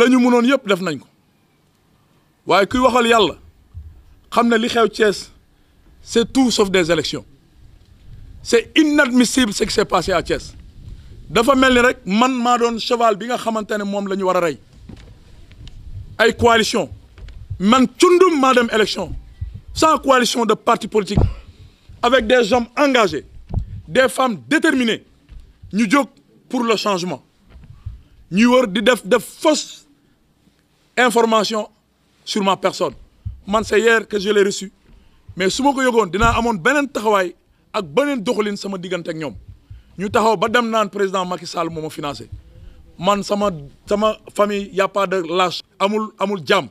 la ñu mënoon yëpp def nañ ko waaye kuy waxal yàlla xam na li xew Thiès c'est tout sauf des élections c'est inadmissible ce qui s'est passé à Thiès dafa mel ni rek man maa doon cheval bi nga xamante ne moom la ñu war a rey ay coalition man cundum maa dem élection sans coalition de partis politiques avec des hommes engagés des femmes déterminées ñu jóg pour le changement ñuy wor di def def fausse information sur ma personne man c'est hier que je l'ai reçu mais su ma ko yëgoon dinaa amoon beneen taxawaay ak beneen doxalin sama diggante ak ñoom ñu taxaw ba dem naan président Macky Sall moo ma man sama sama famille y a de lâche amul amul jàmm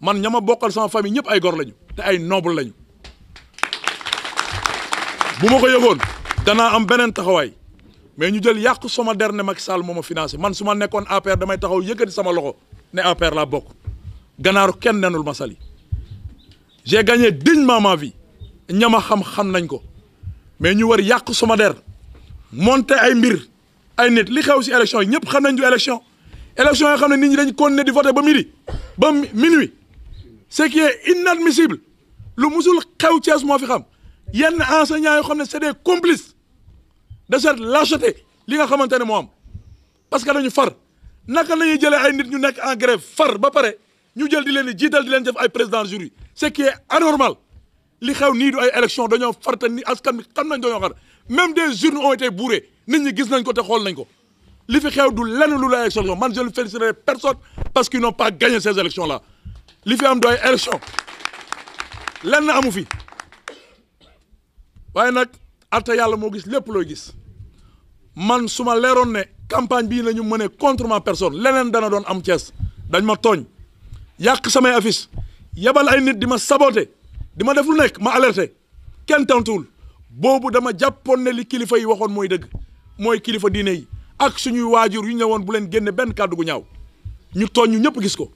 man ña ma bokkal sama famille ñëpp ay gor lañu te ay noble lañu bu ma ko yëgoon danaa am beneen taxawaay mais ñu jël yàq sama der ne Macky Sall ma financé man su ma nekkoon APR damay taxaw yëkkati sama loxo ne APR la bokk ganaaru kenn nenul ma Saly j'ai gagné dignement ma ñama xam-xam nañ ko mais ñu war yàq sama der monter ay mbir ay nit li xew si élection yi ñëpp xam nañ du élection élection yoo xam ne nit ñi dañ continuer di voter ba midi ba minuit ce qui est inadmissible lu musul xew cees moo fi xam yenn enseignants yoo xam ne c'est des complices de cette lâcheté li nga xamante ne moo am parce que dañu far naka la ñuy jëlee ay nit ñu nekk en grève far ba pare ñu jël di leen di jiital di leen def ay président jury ce qui est anormal li xew nii du ay élection dañoo farta as askan bi xam nañ dañoo xar même des urnes ont été bourrées nit ñu gis nañ ko te xool nañ ko li fi xew du lenn lu la élection man je ne féliciterai personne parce qu'ils n'ont pas gagné ces élections la li fi am du ay élection lenn amu fi waaye nag atte yàlla moo gis lépp looy gis man suma ma leeroon ne campagne bii la ñu mënee contrement ma personne leneen dana doon am Thiès dañ ma tooñ yàq samay affiche yebal ay nit di ma saboté di ma def lu nekk ma alerté kenn tantuwul boobu dama jàppoon ne li kilifa yi waxoon mooy dëgg mooy kilifa diine yi ak suñuy waajur yu ñëwoon ne bu leen génne benn kàddu gu ñaaw ñu tooñ ñu ñëpp gis ko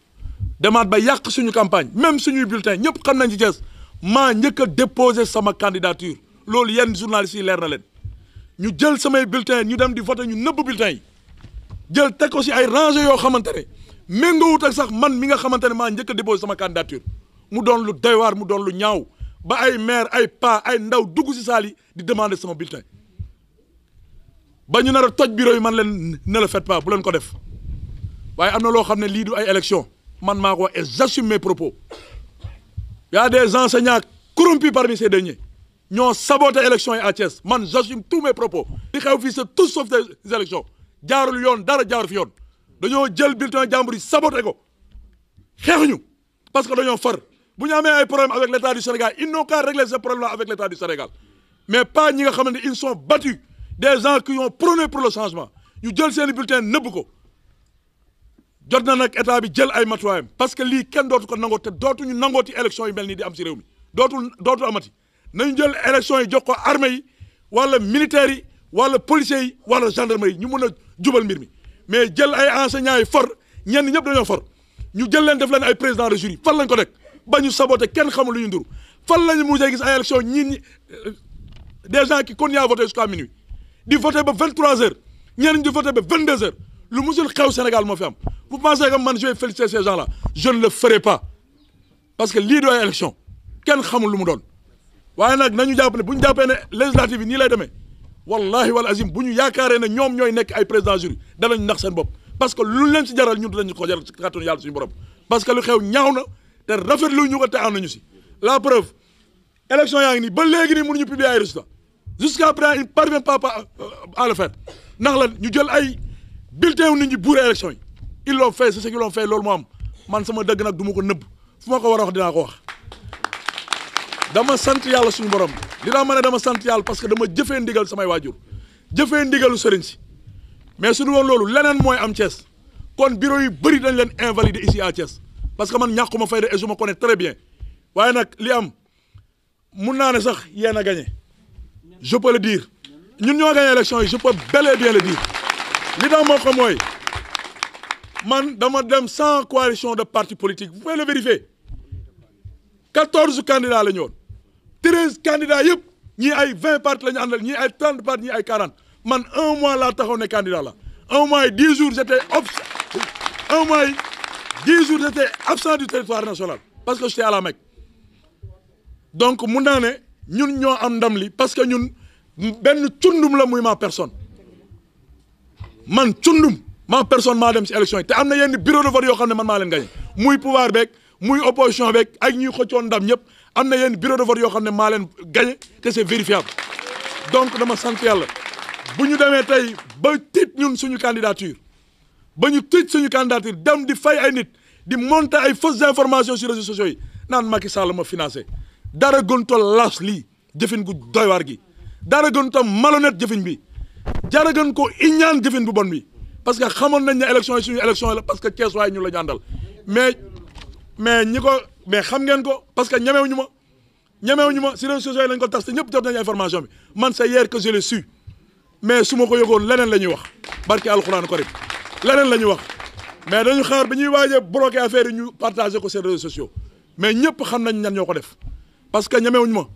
demaat ba yàq suñu campagne même suñuy bulletin ñëpp xam nañ ci Thiès maa njëkk a sama candidature loolu yenn journalistes yi leer na leen ñu jël samay bulletin ñu dem di voté ñu nëbb bulletin yi jël teg ko si ay rangé yoo xamante ne méngoowut ak sax man mi nga xamante ne maa njëkk a déposé sama candidature mu doon lu doy mu doon lu ñaaw ba ay maire ay pa ay ndaw dugg si saal di demander sama bulletin ba ñu nar a toj bureau yi man leen ne le faites pas ko def waaye am na loo xam ne lii du ay élection man maa ko wax et j'assume mes propos y a des parmi ces derniers ñoo saboté élection yi à Thiès man j'assume tous mes propos li xew fii c'est tout sauf des élections jaarul yoon dara jaarul fi yoon dañoo jël bulletin jàmbur yi saboté ko xeexuñu parce que dañoo far bu ñu amee ay problème avec l'état du Sénégal ils n'ont qu'à régler ces problèmes là avec l'état du Sénégal mais pas ñi nga xamante ne ils des gens qui ont prôné pour le changement ñu jël seeni i bulletin nëbb ko jot na nag état bi jël ay matuwaayam parce que lii kenn dootu ko nangoo te dootuñu nangooti élection yu mel nii di am si réew mi dootul dootu amati nañ jël élection yi jox ko armée yi wala militaires yi wala policiers yi wala gendarmerie yi ñu mun a jubal mbir mi mais jël ay enseignants yi for ñenn ñëpp dañoo for ñu jël leen def leen ay président de jury fan lañ ko teg ba ñu saboté kenn xamul lu ñu nduru fan lañu mujjee gis ay élection ñii ñi euh, des gens qui kon à voter jusqu'à minuit di voter ba 23 heures ñenn ñi di voter ba 22 heures lu musul xew Sénégal moo fi am vous pensez que man je vais le ferai pas parce que lii kenn xamul lu mu doon waaye nag nañu jàpp ne bu ñu jàppee ne législative yi nii lay demee wallahi wal azim bu ñu yaakaaree ne ñoom ñooy nekk ay président jury danañ nax seen bopp parce que lu leen si jaral ñun dinañ ko jaral si kàttanu yàlla suñu borom xew ñaaw na te rafetlu ñu ko te am nañu si la preuve élection yaa ngi nii ba léegi nii mënuñu publier ay résultats jusqu'à présent il ne parvient pas euh, à le faire ndax la ñu jël ay bulletins nit ñi buuree élection yi ils l'ont fait c'est ce qu'ils l'ont fait loolu moo am man sama dëgg nag du ko nëbb fu ma ko war a wax dinaa ko wax dama sant yàlla suñu borom li daa ma ne dama sant yàlla parce que dama jëfee ndigal samay waajur jëfee ndigalu sëriñ si mais suñu woon loolu leneen mooy am Thiès kon bureau yu bëri dañ leen invalider ici à Thiès parce que man ñàkkuma fayda et je me connais très bien waaye nag li am mun naa sax yéen a gagné je peux le dire ñun ñoo gagné élection yi je peux bien le dire li daa moo mooy man dama dem sans coalition de parti politique vous pouvez le vérifier quatorze candidats la ñu treize candidats yëpp ñii ay vingt part la ñu àndal ñii ay trente partis ñii ay quarante man un mois laa taxaw ne candidat la un mois yi dix jours j'étais un mois yi dix jours j'étais absent du territoire national parce que j'étais à la Mecque donc mun naa ne ñun ñoo am ndam li parce que ñun benn cundum la muy ma personne man cundum ma personne maa dem si élection yi te am na yenn bureau de vote yoo xam ne man maa leen gagné muy pouvoir beeg muy opposition beeg ak ñuy xëccoon ndam ñëpp am na yenn bureau de vote yoo xam ne maa leen gagné te c'est vérifiable donc dama sant yàlla bu ñu demee tey ba tiit ñun suñu candidature ba ñu tiit suñu candidature dem di fay ay nit di monter ay fausses informations sur réseaux sociaux yi naan Macky Sall ma financé dara to las lii jëfin gu doy waar gi dara gënta malhonnête jëfin bi jara gën ko iñaan jëfin bu bon bi parce que xamoon nañ ne élection yi suñu élection yi la parce que Thiès waaye ñu la ñu àndal mais mais xam ngeen ko parce que ñemewuñu ma ñemewuñu ma si réseaux sociaux yi lañ ko tas te ñëpp jot nañu information bi man c'est hier que je l'ai su mais su ko yëgoon leneen la ñuy wax barke alxuraan karim leneen la ñuy wax mais dañu xaar bi ñuy waaj a bloqué affaire yi ñu partagé ko seen réseaux sociaux mais ñëpp xam nañ ñan ñoo ko def parce que ñemewuñu ma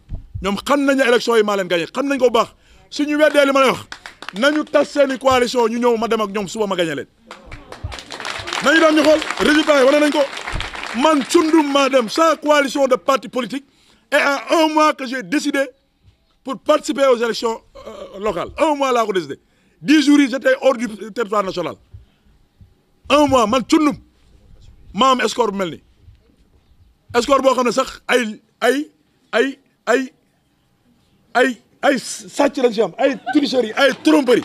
ñoom xam nañ ne élection yi maa leen gagné xam nañ ko bu baax suñu weddee li ma lay wax nañu tas seeni coalition ñu ñëw ma dem ak ñoom suba ma gagné leen nañu daan ñu xool ko. man Thioundou Madem sans coalition de parti politique et en un mois que j'ai décidé pour participer aux élections euh, locales un mois la ko décidé dix jours yi j'étais hors du territoire national un mois man Thioundou maa am escore mel ni escore boo xam ne sax ay ay ay ay ay ay sàcc lañ si am ay tricherie ay tromperie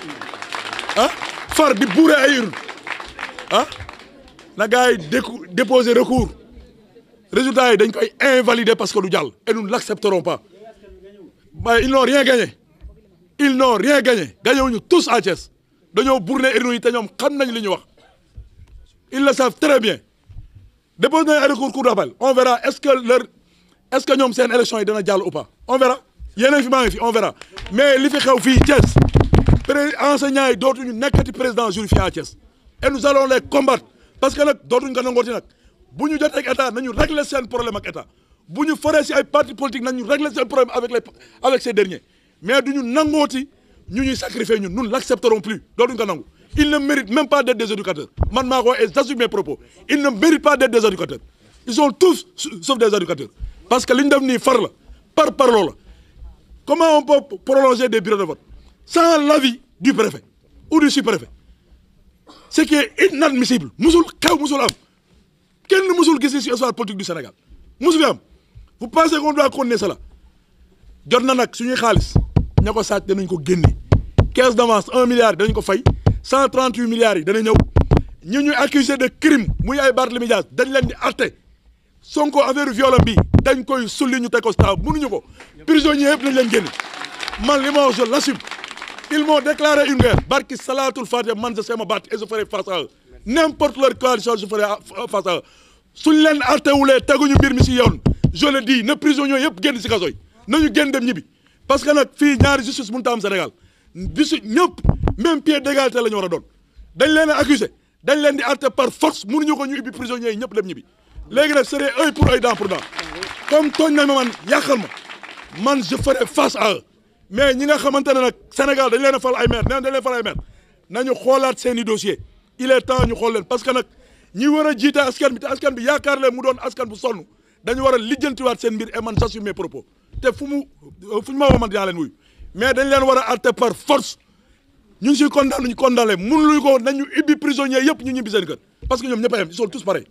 ah far di bourré ay urne ah na gars yi recours résultat yi dañ koy invalider parce que du jàll et nous ne l'accepterons pas mais ils n'ont rien gagné ils n'ont rien gagné gagné wuñu tous à Thiès dañoo bourné urnes yi te ñoom xam nañ li ñu wax ils le savent très bien dépose nañ ay recours cour d'appel on verra est-ce que leur est ñoom seen élection yi dana jàll ou pas on verra yeneen fi maa ngi fi on verra mais li fi xew fii Thiès pré enseignants dootuñu dootuñu nekkati président jurifié à Thiès et nous allons les combattre parce que nag dootuñu ko nangooti nag bu ñu jotee ak état nañu régler seen problème ak état bu ñu faree si ay parti politique nañu régler seen problème avec les avec ces derniers mais du ñu nangooti ñu ñuy sacrifier ñun ñun l'accepterons plus loolu duñu ko nangu ils ne méritent même pas d'être des éducateurs man maa ko et j'assume mes propos ils ne méritent pas d'être des éducateurs ils sont tous sauf des éducateurs parce que li ñu def nii far la par parloo la comment on peut prolonger des bureaux de vote sans l'avis du préfet ou du sous-préfet ce am kenn mësul gis ci histoire politique du Sénégal mosu fi am vous pensez qu'on doit continuer cela jot na nag suñuy xaalis ña ko sàcc danañ ko génne caisse d'avance un milliard dañ ko fay cent trente huit milliards yi dana ñëw ñu ñuy accusé de crime muy ay Barthélémy Dias dañ leen di arrêté son affaire violon bi dañ koy sulli ñu teg ko stade ñu ko prisonniers yëpp nañ leen génne man li ma wax je l'assume ils m'ont déclaré une guerre barki salaatul fatiha man je sais me battre et je ferai n'importe leur coalition je ferai euh, face à suñ leen attewulee teguñu mbir mi si yoon je le dis na prisonniers yëpp génn si kaso yi nañu génn dem ñibbi parce que nag fii ñaari justice mënut a am Sénégal bisu ñëpp même pied d'égalité la ñu war a doon dañ leen a dañ leen di atte par force mu mënuñu ko ñu ubbi prisonniers yi ñëpp dem ñibbi léegi nag serait œil pour œil dent pour dent comme tooñ nañ ma man yàqal ma man je ferai face à mais ñi nga xamante ne nag Sénégal dañ leen a fal ay maire neen dañ leen fal xoolaat seen i dossier il est temps ñu xool leen parce que nag ñi war a jiite askan bi te askan bi yaakaar leen mu doon askan bu sonn dañu war a lijjantiwaat seen mbir et man j'assume mes propos te fu mu fu ñu ma woo man dinaa leen wuyu mais dañ leen war a atte par force ñu ngi siy condamné ñu condamné mënuñu ko nañu ibbi prisonnier yëpp ñu ñibbi seen kër parce que ñoom ñëpp a yem ils sont tous pareils